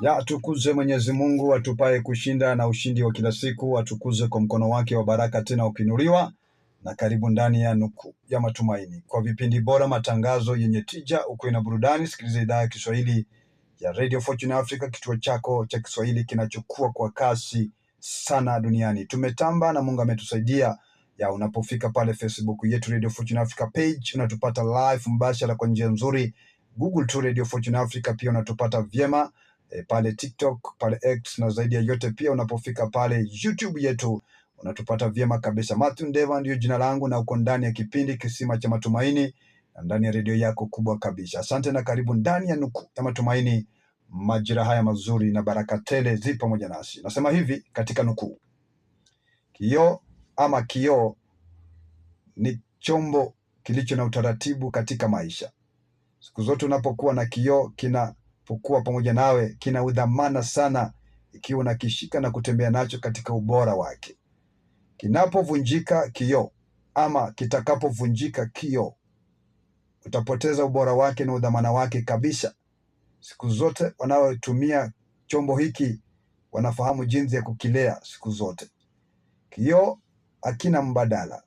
Ya tukuze Mwenyezi Mungu atupae kushinda na ushindi wa kila siku, atukuzwe kwa mkono wake wa baraka tena ukinuliwa na karibu ndani ya Nuku ya Matumaini. Kwa vipindi bora, matangazo yenye tija, ukuwe na burudani, sikiliza idhaa ya Kiswahili ya Radio Fortune Africa, kituo chako cha Kiswahili kinachokua kwa kasi sana duniani. Tumetamba na Mungu ametusaidia. Ya unapofika pale Facebook yetu Radio Fortune Africa page, unatupata live mbashara kwa njia nzuri Google tu Radio Fortune Africa, pia unatupata vyema e, pale TikTok, pale X na zaidi ya yote, pia unapofika pale YouTube yetu unatupata vyema kabisa. Mathew Ndeva ndio jina langu, na uko ndani ya kipindi Kisima cha Matumaini na ndani ya redio yako kubwa kabisa. Asante na karibu ndani ya nuku ya Matumaini. Majira haya mazuri na baraka tele zi pamoja nasi. Nasema hivi katika nukuu: kioo ama kioo ni chombo kilicho na utaratibu katika maisha. Siku zote unapokuwa na kioo kinapokuwa pamoja nawe, kina udhamana sana ikiwa unakishika na kutembea nacho katika ubora wake. Kinapovunjika kioo ama kitakapovunjika kioo, utapoteza ubora wake na udhamana wake kabisa. Siku zote wanaotumia chombo hiki wanafahamu jinsi ya kukilea siku zote. Kioo hakina mbadala,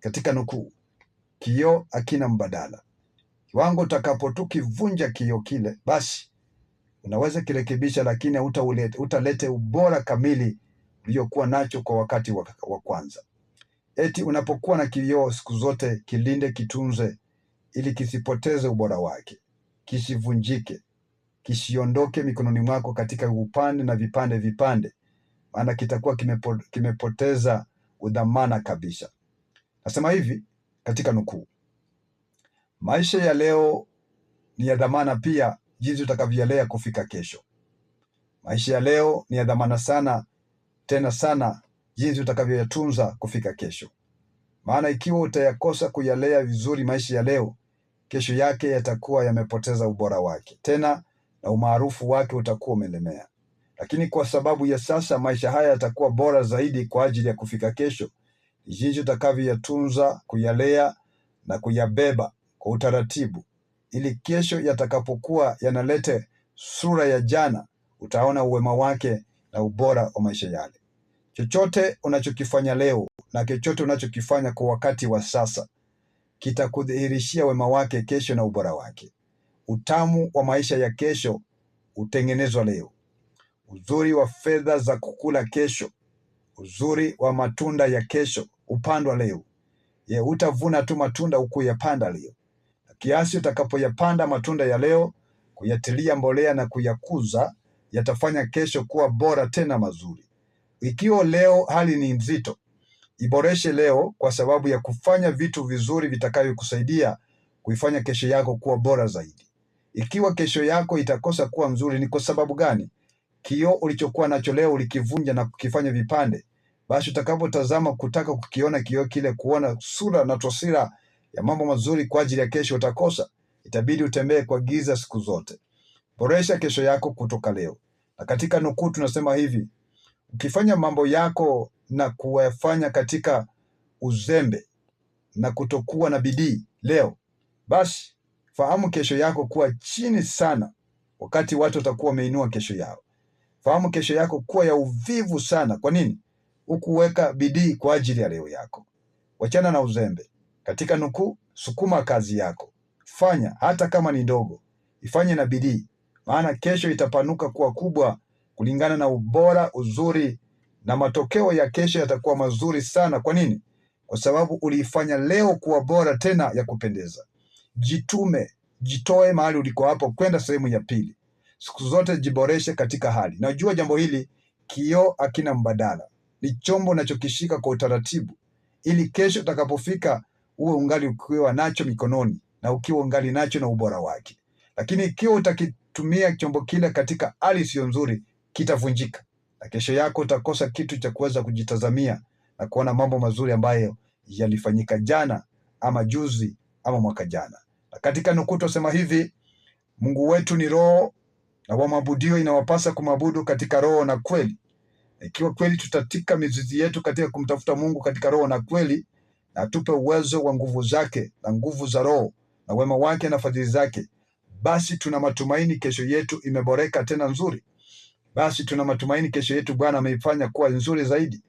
katika nukuu, kioo hakina mbadala. Kiwango utakapotu kivunja kioo kile, basi unaweza kirekebisha, lakini utalete ubora kamili uliokuwa nacho kwa wakati wa kwanza. Eti unapokuwa na kioo siku zote kilinde, kitunze, ili kisipoteze ubora wake, kisivunjike, kisiondoke mikononi mwako katika upande na vipande vipande, maana kitakuwa kimepoteza udhamana kabisa. Nasema hivi katika nukuu Maisha ya leo ni ya dhamana pia jinsi utakavyolea kufika kesho. Maisha ya leo ni ya dhamana sana tena sana jinsi utakavyoyatunza kufika kesho, maana ikiwa utayakosa kuyalea vizuri maisha ya leo, kesho yake yatakuwa yamepoteza ubora wake tena na umaarufu wake utakuwa umelemea. Lakini kwa sababu ya sasa, maisha haya yatakuwa bora zaidi kwa ajili ya kufika kesho, jinsi utakavyoyatunza, kuyalea na kuyabeba kwa utaratibu ili kesho yatakapokuwa yanalete sura ya jana, utaona uwema wake na ubora wa maisha yale. Chochote unachokifanya leo na chochote unachokifanya kwa wakati wa sasa kitakudhihirishia wema wake kesho na ubora wake. Utamu wa maisha ya kesho utengenezwa leo, uzuri wa fedha za kukula kesho, uzuri wa matunda ya kesho upandwa leo. Ye, utavuna tu matunda ukuyapanda leo. Kiasi utakapoyapanda matunda ya leo, kuyatilia mbolea na kuyakuza, yatafanya kesho kuwa bora tena mazuri. Ikiwa leo hali ni nzito, iboreshe leo kwa sababu ya kufanya vitu vizuri vitakavyokusaidia kuifanya kesho yako kuwa bora zaidi. Ikiwa kesho yako itakosa kuwa mzuri, ni kwa sababu gani? Kioo ulichokuwa nacho leo ulikivunja na kukifanya vipande, basi utakapotazama kutaka kukiona kioo kile, kuona sura na taswira ya mambo mazuri kwa ajili ya kesho utakosa. Itabidi utembee kwa giza siku zote. Boresha kesho yako kutoka leo. Na katika nukuu tunasema hivi, ukifanya mambo yako na kuwafanya katika uzembe na kutokuwa na bidii leo, basi fahamu kesho yako kuwa chini sana, wakati watu watakuwa wameinua kesho yao. Fahamu kesho yako kuwa ya uvivu sana. Kwa nini? Hukuweka bidii kwa ajili ya leo yako. Wachana na uzembe, katika nukuu, sukuma kazi yako, fanya hata kama ni ndogo, ifanye na bidii, maana kesho itapanuka kuwa kubwa kulingana na ubora, uzuri na matokeo ya kesho yatakuwa mazuri sana. Kwa nini? Kwa sababu uliifanya leo kuwa bora tena ya kupendeza. Jitume, jitoe mahali uliko hapo kwenda sehemu ya pili. Siku zote jiboreshe katika hali. Najua jambo hili, kioo hakina mbadala, ni chombo unachokishika kwa utaratibu, ili kesho utakapofika uwe ungali ukiwa nacho mikononi na ukiwa ungali nacho na ubora wake, lakini ikiwa utakitumia chombo kile katika hali isiyo nzuri, kitavunjika na kesho yako utakosa kitu cha kuweza kujitazamia na kuona mambo mazuri ambayo yalifanyika jana ama juzi ama mwaka jana. Na katika nukuu twasema hivi, Mungu wetu ni roho na wamwabudio inawapasa kumwabudu katika roho na kweli. Ikiwa kweli tutatika mizizi yetu katika kumtafuta Mungu katika roho na kweli, na atupe uwezo wa nguvu zake na nguvu za Roho na wema wake na fadhili zake. Basi tuna matumaini kesho yetu imeboreka tena nzuri. Basi tuna matumaini kesho yetu Bwana ameifanya kuwa nzuri zaidi.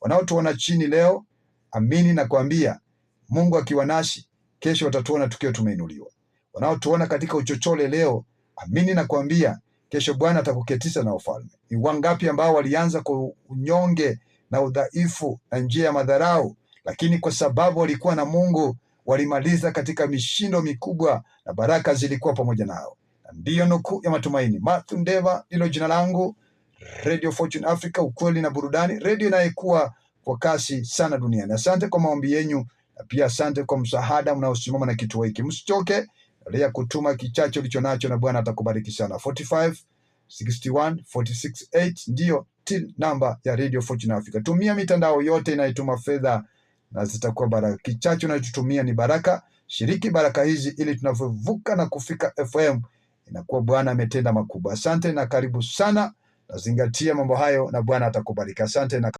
Wanaotuona chini leo, amini na kuambia Mungu akiwa nasi kesho watatuona tukiwa tumeinuliwa. Wanaotuona katika uchochole leo, amini na kuambia kesho Bwana atakuketisha na ufalme. Ni wangapi ambao walianza kwa unyonge na udhaifu na njia ya madharau lakini kwa sababu walikuwa na Mungu walimaliza katika mishindo mikubwa na baraka zilikuwa pamoja nao. Na ndiyo nukuu ya matumaini. Mathew Ndeva ndilo jina langu, Radio Fortune Africa, ukweli na burudani, redio inayekuwa kwa kasi sana duniani. Asante kwa maombi yenyu na pia asante kwa msaada mnaosimama na kituo hiki. Msichoke, endelea kutuma kichache ulicho nacho na Bwana atakubariki sana. 45 61 468 ndiyo till namba ya Radio Fortune Africa. Tumia mitandao yote inayotuma fedha na zitakuwa baraka. Kichache unachotumia ni baraka. Shiriki baraka hizi ili tunavyovuka na kufika FM inakuwa Bwana ametenda makubwa. Asante na karibu sana, nazingatia mambo hayo na Bwana atakubariki. Asante na